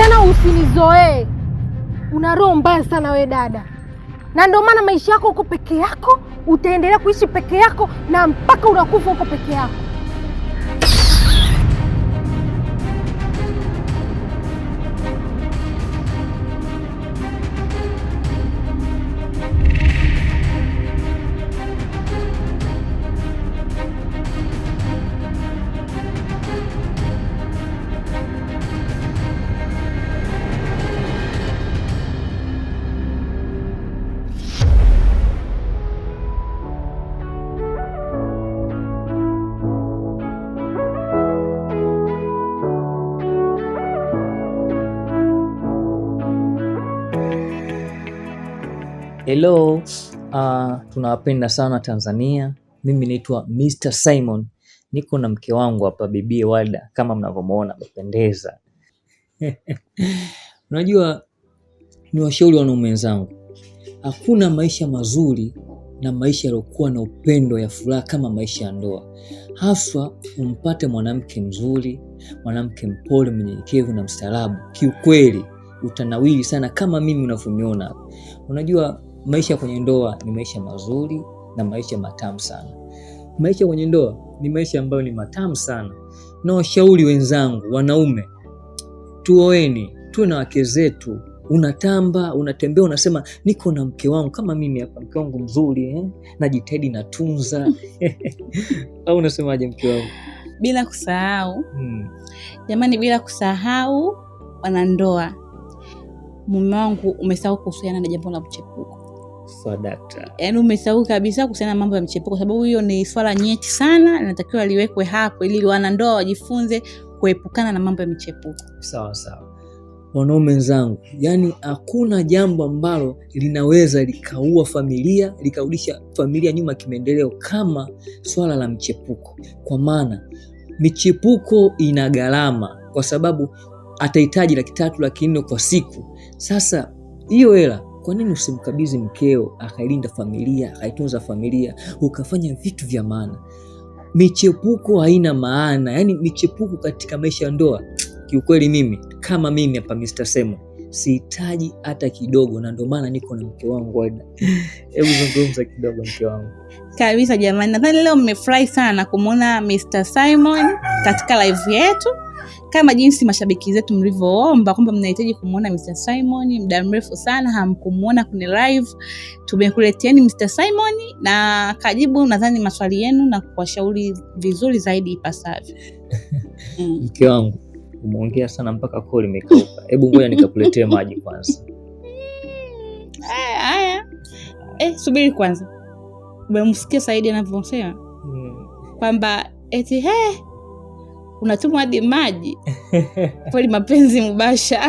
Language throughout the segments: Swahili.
Tena usinizoee, una roho mbaya sana we dada, na ndio maana maisha yako uko peke yako, utaendelea kuishi peke yako na mpaka unakufa uko peke yako. Hello, uh, tunawapenda sana Tanzania. Mimi naitwa Mr. Simon, niko na mke wangu hapa, bibie Walda, kama mnavyomwona amependeza. Unajua, ni washauri wanaume wenzangu, hakuna maisha mazuri na maisha yaliokuwa na upendo ya furaha kama maisha ya ndoa. Haswa umpate mwanamke mzuri, mwanamke mpole, mnyenyekevu na mstaarabu, kiukweli utanawili sana kama mimi unavyoniona. Unajua maisha kwenye ndoa ni maisha mazuri na maisha matamu sana. Maisha kwenye ndoa ni maisha ambayo ni matamu sana, na washauri wenzangu wanaume, tuoeni, tuwe na wake zetu. Unatamba, unatembea, unasema niko na mke wangu kama mimi hapa, mke wangu mzuri eh? Najitahidi, natunza au unasemaje, mke wangu? Bila kusahau hmm. Jamani, bila kusahau wanandoa, mume wangu, umesahau kuhusiana na jambo la mchepuko sadaka. Uh, yaani umesahau kabisa kuhusiana na mambo ya mchepuko, kwa sababu hiyo ni swala nyeti sana, linatakiwa liwekwe hapo ili wanandoa wajifunze kuepukana na mambo ya mchepuko Sawa sawa, wanaume wenzangu, yani hakuna jambo ambalo linaweza likaua familia likarudisha familia nyuma kimaendeleo kama swala la mchepuko, kwa maana michepuko ina gharama, kwa sababu atahitaji laki tatu laki nne kwa siku. Sasa hiyo hela kwa nini usimkabidhi mkeo akailinda familia akaitunza familia ukafanya vitu vya maana? Michepuko haina maana, yaani michepuko katika maisha ya ndoa, kiukweli mimi kama mimi hapa Mr. Semo sihitaji hata kidogo, na ndio maana niko na mke wangu. wada Hebu zungumza kidogo, mke wangu kabisa. Jamani, nadhani leo mmefurahi sana kumwona Mr. Simon katika live yetu kama jinsi mashabiki zetu mlivyoomba kwamba mnahitaji kumwona Mr. Simon, muda mrefu sana hamkumwona kwenye live. Tumekuleteni Mr. Simon na kajibu nadhani maswali yenu na kuwashauri vizuri zaidi ipasavyo. Mke wangu umeongea sana mpaka koo limekauka. Hebu ngoja nikakuletee maji kwanza. Haya Eh, subiri kwanza. Umemsikia Saidi anavyosema hmm. kwamba eti he unatumwa hadi maji kweli, mapenzi mubasha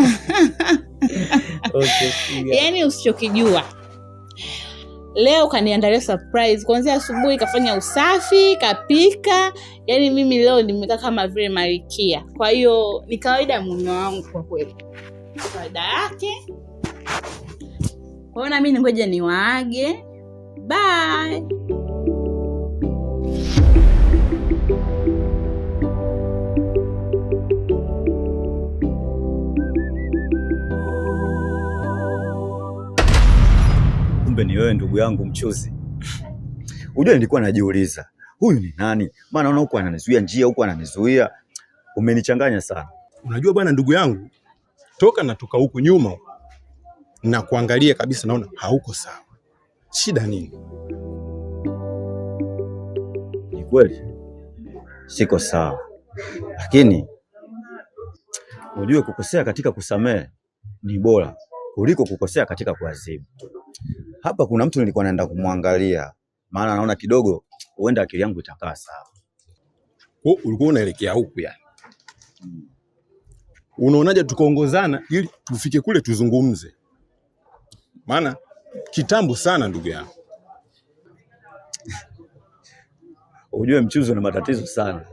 okay, yani usichokijua Leo kaniandalia surprise kuanzia asubuhi, kafanya usafi, kapika. yani mimi leo nimekaa kama vile malikia. Kwa hiyo ni kawaida ya mume wangu, kwa kweli kawaida yake. Kwaona mi ningoja niwaage, bye. kumbe ni wewe ndugu yangu mchuzi. Unajua nilikuwa najiuliza huyu ni nani? Maana naona huko ananizuia njia, huko ananizuia. Umenichanganya sana. Unajua bwana, ndugu yangu, toka natoka huku nyuma na kuangalia kabisa, naona hauko sawa. Shida nini? Ni kweli siko sawa, lakini ujue kukosea katika kusamehe ni bora kuliko kukosea katika kuadhibu hapa kuna mtu nilikuwa naenda kumwangalia, maana naona kidogo huenda akili yangu itakaa sawa. Kwa ulikuwa unaelekea huku yani? Unaonaje tukaongozana ili tufike kule tuzungumze, maana kitambo sana ndugu yangu. Ujue mchuzi na matatizo sana,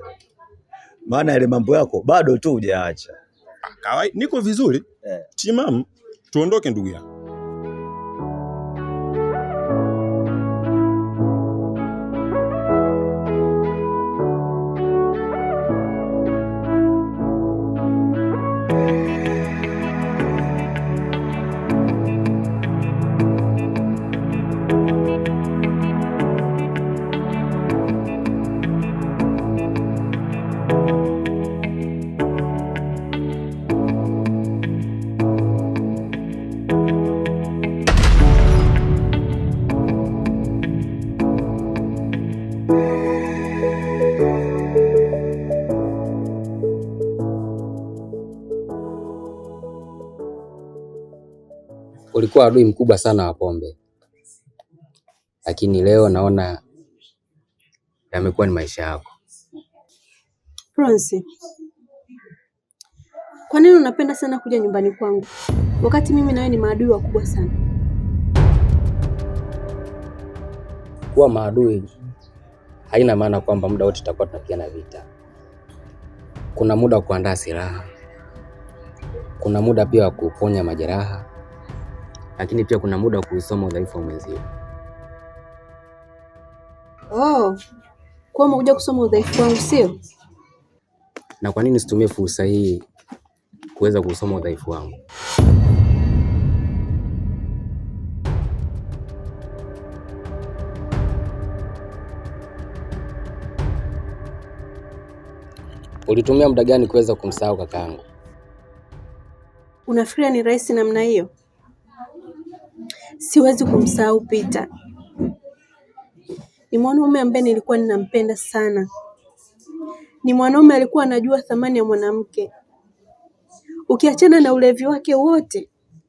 maana yale mambo yako bado tu hujaacha. Kawaida niko vizuri eh. timamu, Tuondoke ndugu yangu. nilikuwa adui mkubwa sana wa pombe, lakini leo naona yamekuwa ni maisha yako. Prince, kwa nini unapenda sana kuja nyumbani kwangu wakati mimi na wewe ni maadui wakubwa sana? Kuwa maadui haina maana kwamba muda wote tutakuwa tunapigana vita. Kuna muda wa kuandaa silaha, kuna muda pia wa kuponya majeraha lakini pia kuna muda wa kuusoma udhaifu wa mwenzio. Oh, kwa umekuja kusoma udhaifu wangu, sio? Na kwa nini usitumie fursa hii kuweza kusoma udhaifu wangu? Ulitumia muda gani kuweza kumsahau kakaangu? Unafikiria ni rahisi namna hiyo? Siwezi kumsahau Peter. Ni mwanaume ambaye nilikuwa ninampenda sana. Ni mwanaume alikuwa anajua thamani ya mwanamke, ukiachana na ulevi wake wote,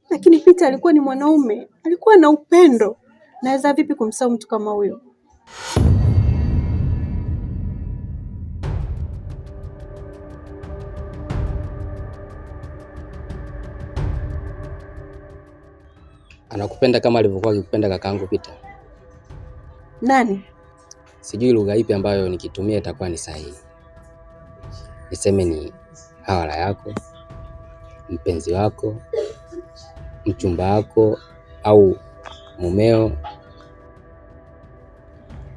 lakini Peter alikuwa ni mwanaume, alikuwa na upendo. Naweza vipi kumsahau mtu kama huyo? anakupenda kama alivyokuwa akikupenda kakaangu Peter. Nani? Sijui lugha ipi ambayo nikitumia itakuwa ni sahihi. Niseme ni hawala yako, mpenzi wako, mchumba wako au mumeo.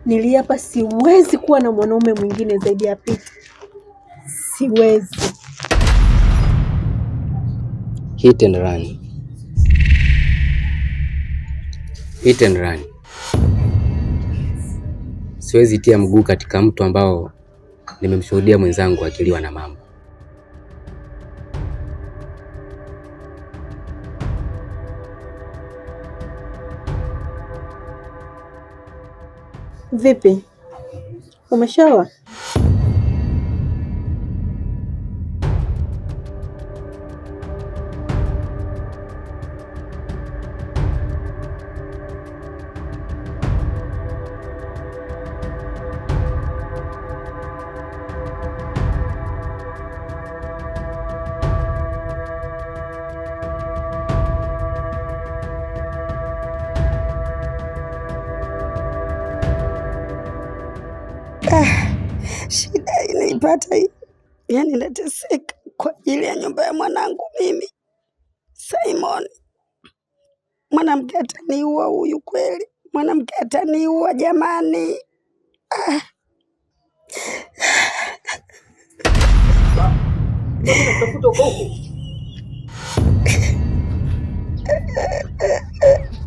Niliapa siwezi kuwa na mwanaume mwingine zaidi ya Peter. Siwezi. Hit and run. hit and run. Siwezi tia mguu katika mtu ambao nimemshuhudia mwenzangu akiliwa na mambo Vipi, umeshaoa? Shida, shida inaipata hii, yaani nateseka kwa ajili ya nyumba ya mwanangu mimi. Simon, mwanamke ataniua huyu kweli, mwanamke ataniua jamani.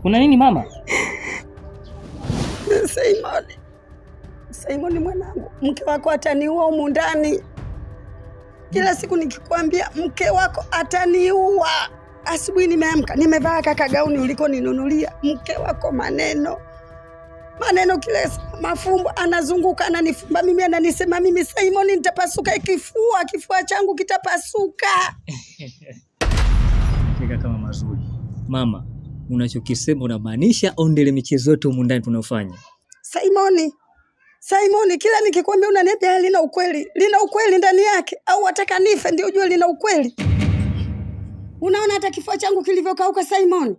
Kuna ah. nini mama? Simon Simon mwanangu, mke wako ataniua humu ndani. Kila siku nikikwambia mke wako ataniua. Asubuhi nimeamka nimevaa kaka gauni ulikoninunulia, mke wako maneno maneno kila mafumbo, anazunguka ananifumba mimi, ananisema mimi, Simon nitapasuka kifua, kifua changu kitapasuka. Kika kama mazuri mama, unachokisema unamaanisha ondele michezo yote humu ndani tunayofanya Simoni Simon, kila nikikwambia unaniambia lina ukweli, lina ukweli ndani yake, au wataka nife ndio ujue lina ukweli. Unaona hata kifua changu kilivyokauka Simon.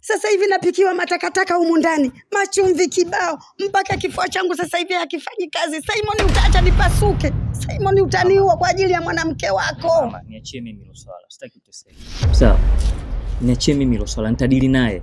Sasa hivi napikiwa matakataka humu ndani, machumvi kibao, mpaka kifua changu sasa hivi hakifanyi kazi. Simon, utaacha nipasuke. Simon, utaniua kwa ajili ya mwanamke wako. Niachie mimi swala, sitaki uteseke. Sawa, niachie mimi swala, nitadili naye.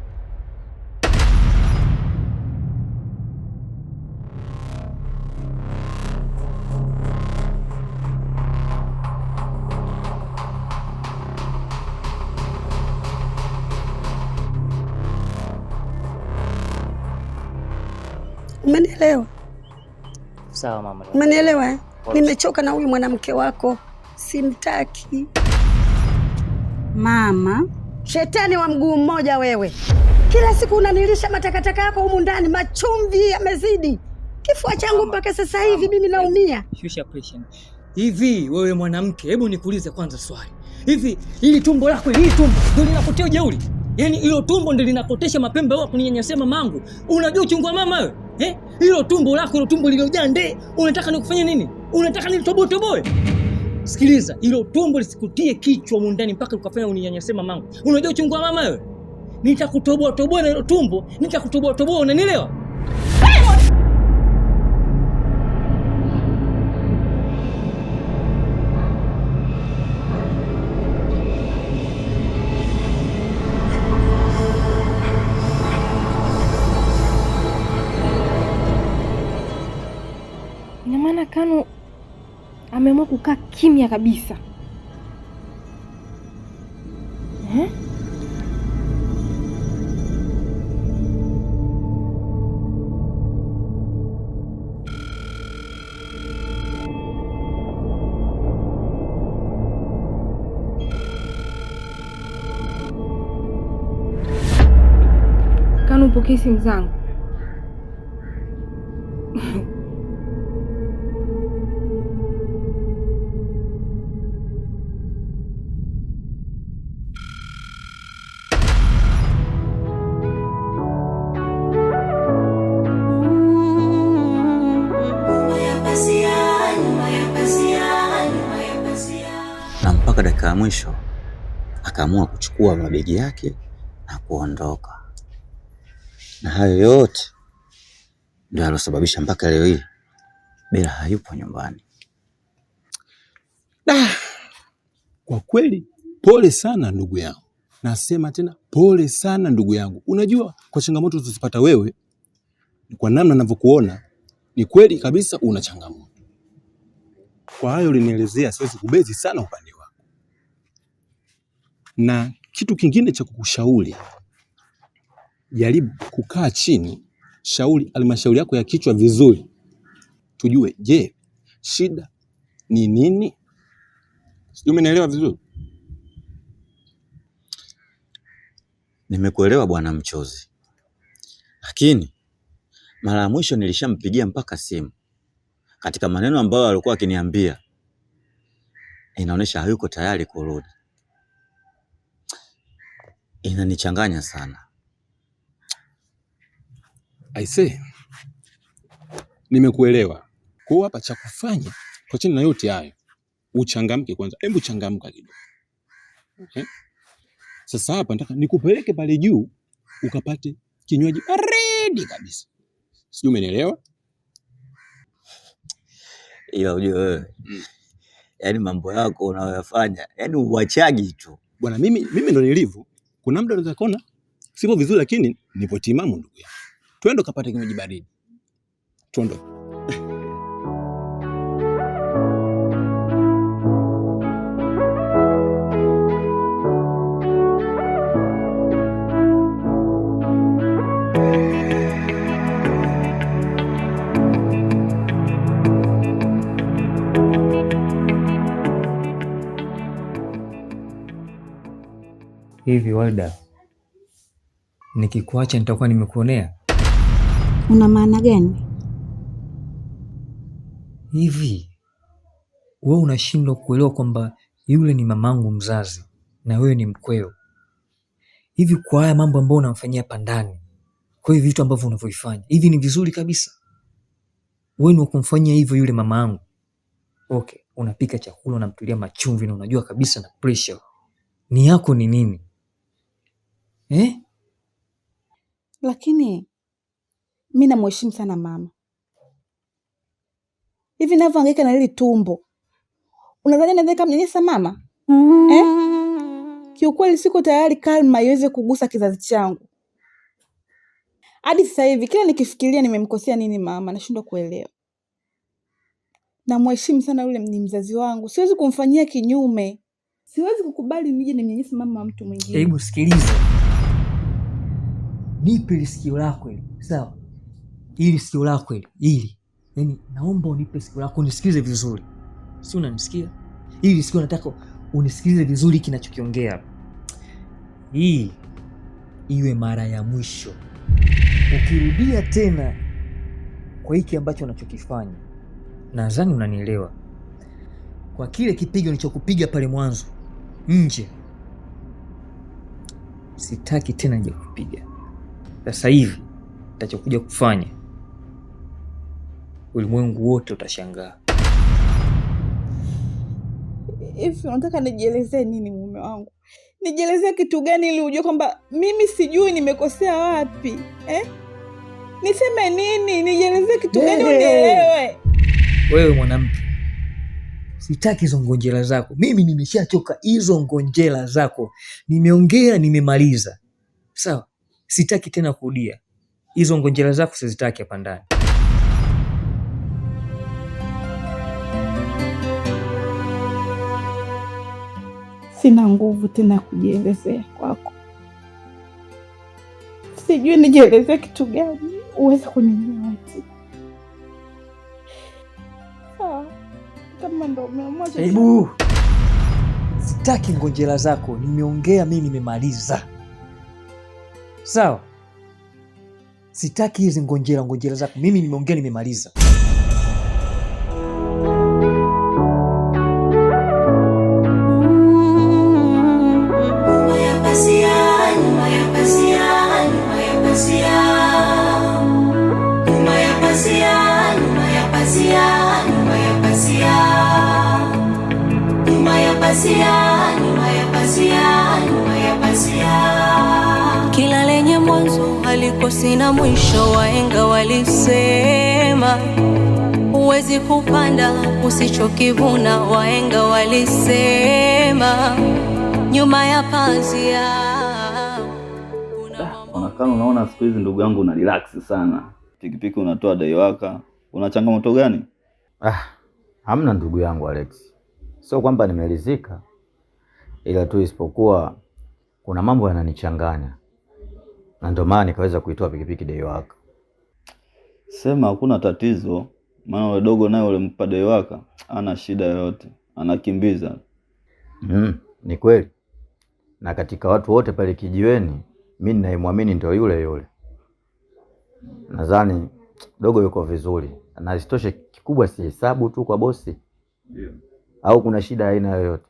Umenielewa? Sawa mama. Umenielewa? Eh? Nimechoka na huyu mwanamke wako, simtaki mama. Shetani wa mguu mmoja wewe, kila siku unanilisha matakataka yako humu ndani, machumvi yamezidi kifua changu mpaka sasa hivi mimi naumia. Shusha pressure. Hivi wewe mwanamke, hebu nikuulize kwanza swali. Hivi ili tumbo lako hili tumbo ndio linakutia jeuri? Yaani hilo tumbo ndio linakotesha mapembe yako kuninyanyasema mamangu. Unajua uchungu wa mama wewe? Eh? hilo tumbo lako, hilo tumbo lililojaa nde, unataka nikufanye nini? Unataka nilitoboe toboe? Sikiliza, hilo tumbo lisikutie kichwa mundani mpaka ukafanya uninyanyase mamangu. Unajua uchungu wa mama wewe? Nitakutoboa toboa na hilo tumbo, nitakutoboa toboa, unanielewa? Ina maana Kanu ameamua kukaa kimya kabisa eh? Kanu, upokee simu zangu. mpaka dakika ya mwisho akaamua kuchukua mabegi yake na kuondoka, na hayo yote ndio alosababisha mpaka leo hii Bela hayupo nyumbani. Da, ah, kwa kweli pole sana ndugu yangu, nasema tena pole sana ndugu yangu. Unajua, kwa changamoto zilizopata wewe, kwa namna ninavyokuona, ni kweli kabisa una changamoto. Kwa hayo ulinielezea, siwezi kubezi sana upande na kitu kingine cha kukushauri, jaribu kukaa chini, shauri halmashauri yako ya kichwa vizuri, tujue, je, shida ni nini? Sijui umenielewa vizuri. Nimekuelewa bwana Mchozi, lakini mara ya mwisho nilishampigia mpaka simu. Katika maneno ambayo alikuwa akiniambia, inaonyesha hayuko tayari kurudi inanichanganya sana. Aise, nimekuelewa. Kwa hiyo hapa cha kufanya kwa chini na yote hayo, uchangamke kwanza. Hebu changamka kidogo. Okay? Sasa hapa nataka nikupeleke pale juu ukapate kinywaji baridi kabisa. Sijui umenielewa? Ila ujue wewe, mm. yaani mambo yako unayoyafanya, yaani uwachagi tu bwana. Mimi mimi ndo nilivyo kuna muda unaweza kuona sipo vizuri, lakini nipo timamu ndugu yangu. Twende kapate kinywaji baridi, twende. Hivi Walda, nikikuacha nitakuwa nimekuonea? Una maana gani? Hivi wewe unashindwa kuelewa kwamba yule ni mamangu mzazi na wewe ni mkweo? Hivi kwa haya mambo ambayo unamfanyia pandani, kwa hiyo vitu ambavyo unavyovifanya hivi, ni vizuri kabisa? Wewe ni wakumfanyia hivyo yule mama yangu? Okay, unapika chakula unamtulia machumvi na unajua kabisa na pressure ni yako ni nini eh? Lakini mi namheshimu sana mama. Hivi navyohangaika na hili tumbo, unadhani naweza nikamnyanyasa mama mm-hmm. eh? Kiukweli siko tayari Kalma iweze kugusa kizazi changu. Hadi sasa hivi kila nikifikiria nimemkosea nini mama, nashindwa kuelewa. Namheshimu sana, yule ni mzazi wangu, siwezi kumfanyia kinyume. Siwezi kukubali nije nimnyanyase mama wa mtu mwingine. Hebu sikiliza nipe ili sikio lako hili, sawa? Ili sikio lako hili ili, yani naomba unipe sikio lako unisikilize vizuri, si unanisikia? Ili sikio nataka unisikilize vizuri kinachokiongea. Hii iwe mara ya mwisho. Ukirudia tena kwa hiki ambacho unachokifanya, nadhani unanielewa. Kwa kile kipigo nilichokupiga pale mwanzo nje, sitaki tena nje kupiga. Sasa hivi nitachokuja kufanya, ulimwengu wote utashangaa. Hivi unataka nijielezee nini mume wangu? Nijielezee kitu gani ili ujue kwamba mimi sijui nimekosea wapi eh? Niseme nini? Nijielezee kitu gani unielewe? Wewe mwanamke, sitaki hizo ngonjera zako. Mimi nimeshachoka hizo ngonjera zako. Nimeongea, nimemaliza. Sawa? Sitaki tena kurudia hizo ngonjera zako, sizitaki hapa ndani. Sina nguvu tena ya kujielezea kwako, sijui nijielezee kitu gani uweze kunielewa. Hebu sitaki ngonjera zako. Nimeongea mimi, nimemaliza. Sawa, sitaki hizi ngonjera ngonjera zako. Mimi nimeongea, nimemaliza. Nyuma ya pazia, nyuma ya pazia walikosi na mwisho. Waenga walisema huwezi kupanda usichokivuna. Waenga walisema nyuma ya pazia. Onekana unaona, siku hizi ndugu yangu una relax sana. Pikipiki unatoa daiwaka, una changamoto gani? Ah, hamna ndugu yangu Alex, sio kwamba nimeridhika, ila tu isipokuwa kuna mambo yananichanganya na ndio maana nikaweza kuitoa pikipiki dei waka. Sema hakuna tatizo, maana ule dogo naye ulimpa dei waka, ana shida yoyote, anakimbiza mm, ni kweli. Na katika watu wote pale kijiweni, mi ninayemwamini ndio yule yule. Nadhani dogo yuko vizuri, na isitoshe kikubwa si hesabu tu kwa bosi yeah. Au kuna shida aina yoyote?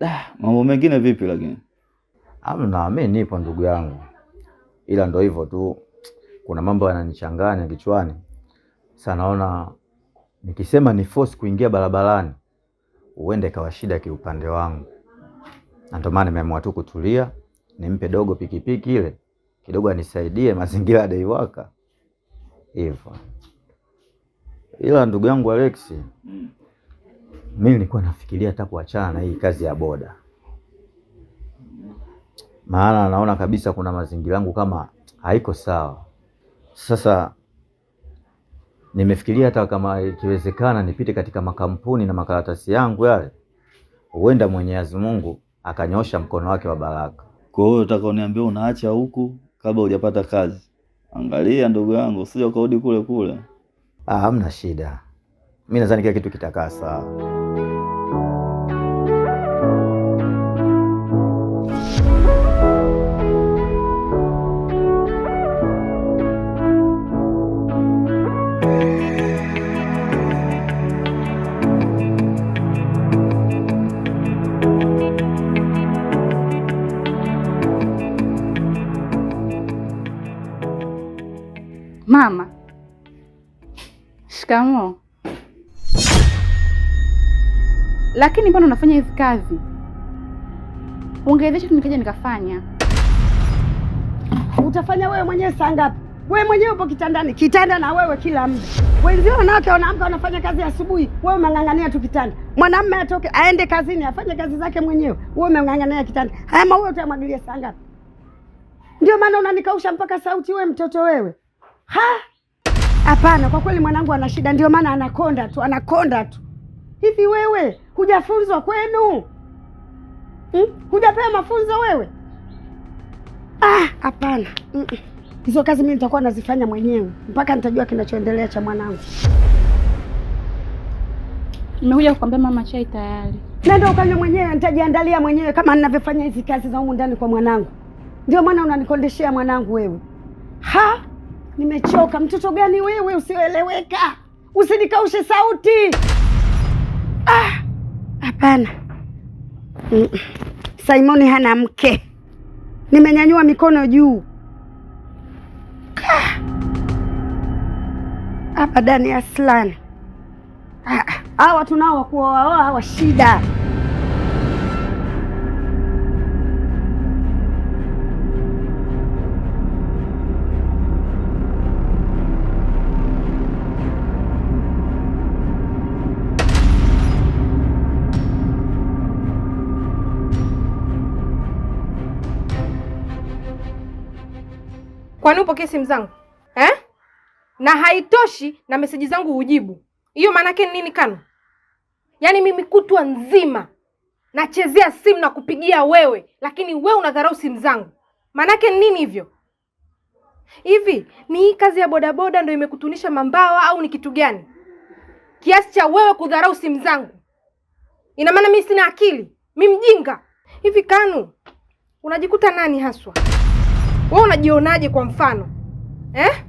Ah, mambo mengine vipi lakini amna mimi nipo ndugu yangu, ila ndo hivyo tu, kuna mambo yananichanganya kichwani sana. Naona nikisema ni force kuingia barabarani, uende kawa shida kiupande wangu, na ndio maana nimeamua tu kutulia, nimpe dogo pikipiki ile kidogo anisaidie mazingira ya Daiwaka hivyo. Ila ndugu yangu Alex, hmm. mimi nilikuwa nafikiria hata kuachana na hii kazi ya boda maana naona kabisa kuna mazingira yangu kama haiko sawa. Sasa nimefikiria hata kama ikiwezekana nipite katika makampuni na makaratasi yangu yale, huenda Mwenyezi Mungu akanyosha mkono wake wa baraka. Kwa hiyo nataka uniambie, unaacha huku kabla hujapata kazi? Angalia ndugu yangu, usije ukarudi kule kule. Ah, hamna shida, mi nadhani kila kitu kitakaa sawa. Shikamoo. Lakini mbona unafanya hizi kazi? Ungewezesha nikaja nikafanya. Utafanya wewe mwenyewe saa ngapi? Wewe mwenyewe upo kitandani, kitanda na wewe kila mtu. Wenzio wanawake wanaamka wanafanya kazi asubuhi, wewe unang'ang'ania tu kitanda. Mwanamume atoke aende kazini afanye kazi zake mwenyewe, wewe umeng'ang'ania kitanda. Haya maua utamwagilia saa ngapi? Ndio maana unanikausha mpaka sauti, wewe mtoto wewe. Ha? Hapana, kwa kweli mwanangu ana shida, ndio maana anakonda tu, anakonda tu. Hivi wewe hujafunzwa kwenu hmm? Hujapewa mafunzo wewe? Ah, hapana, hizo kazi mimi nitakuwa nazifanya mwenyewe mpaka nitajua kinachoendelea cha mwanangu. Nimekuja kukwambia mama, chai tayari. Nenda ukanywe mwenyewe, nitajiandalia mwenyewe kama ninavyofanya hizi kazi za humu ndani kwa mwanangu. Ndio maana unanikondeshea mwanangu wewe ha? Nimechoka. Mtoto gani wewe usioeleweka? Usinikaushe sauti. Ah, hapana. Ah, mm Simoni hana mke. Nimenyanyua mikono juu ah. hapa. Dani Aslan, ah, hawa tunao wakuoaoa hawa shida. Kwani upokee simu zangu eh? Na haitoshi na meseji zangu ujibu. Hiyo maana yake ni nini Kanu? Yaani mimi kutwa nzima nachezea simu na kupigia wewe, lakini wewe unadharau simu zangu. Maana yake ni nini hivyo? Hivi ni hii kazi ya bodaboda ndio imekutunisha mambawa au ni kitu gani kiasi cha wewe kudharau simu zangu? Ina maana mimi sina akili, Mimi mjinga hivi? Kanu, unajikuta nani haswa? Wewe unajionaje kwa mfano eh?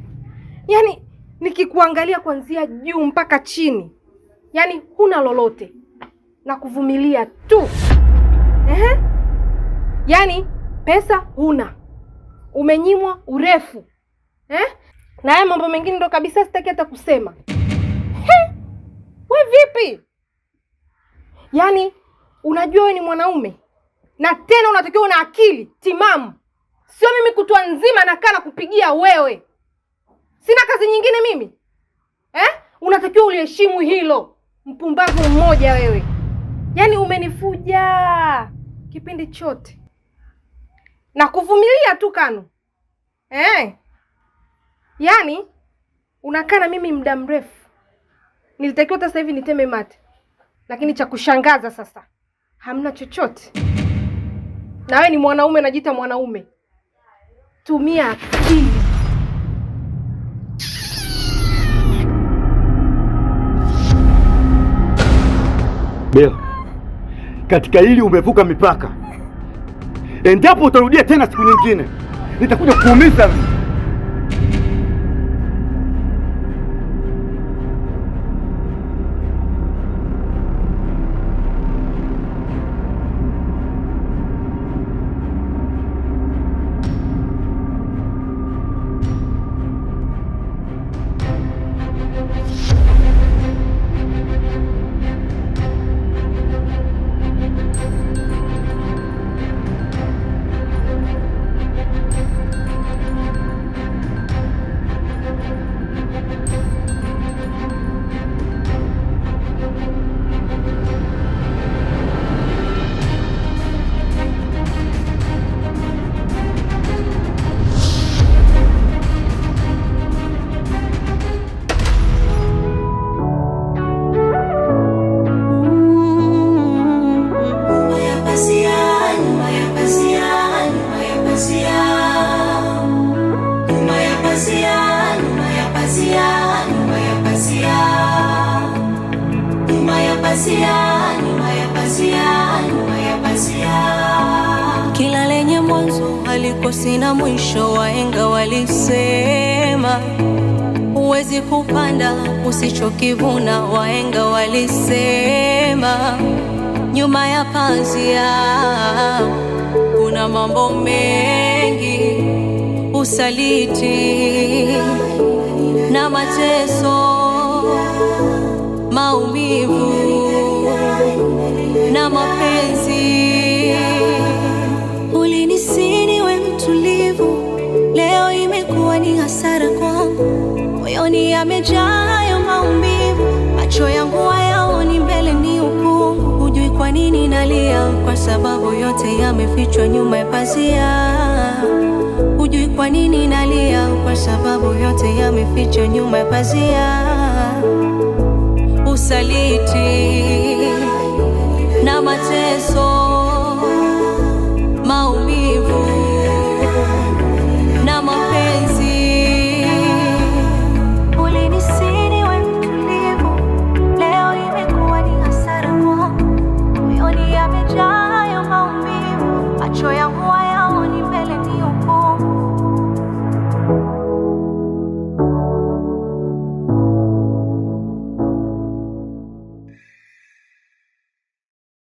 Yaani nikikuangalia kuanzia juu mpaka chini, yaani huna lolote na kuvumilia tu eh? Yaani pesa huna, umenyimwa urefu eh? na haya mambo mengine ndo kabisa sitaki hata kusema. we vipi? Yaani unajua wewe ni mwanaume na tena unatakiwa una akili timamu. Sio mimi kutwa nzima nakaa na kupigia wewe, sina kazi nyingine mimi eh? Unatakiwa uliheshimu hilo, mpumbavu mmoja wewe. Yaani umenifuja kipindi chote na kuvumilia tu Kanu eh? Yaani unakaa na mimi muda mrefu, nilitakiwa hata sasa hivi niteme mate, lakini cha kushangaza sasa hamna chochote. Na wewe ni mwanaume, najiita mwanaume tumia akili. Bill, katika hili umevuka mipaka. Endapo utarudia tena siku nyingine, nitakuja kuumiza. yako sina mwisho. waenga walisema huwezi kupanda usichokivuna. waenga walisema nyuma ya pazia kuna mambo mengi, usaliti na mateso, maumivu na mapenzi ni hasara kwangu. Moyoni yamejaa hayo maumivu, macho yangu hayaoni mbele, ni ukungu. Hujui kwa nini nalia, kwa sababu yote yamefichwa nyuma ya pazia. Hujui kwa nini nalia, kwa sababu yote yamefichwa nyuma ya pazia. Usaliti na mateso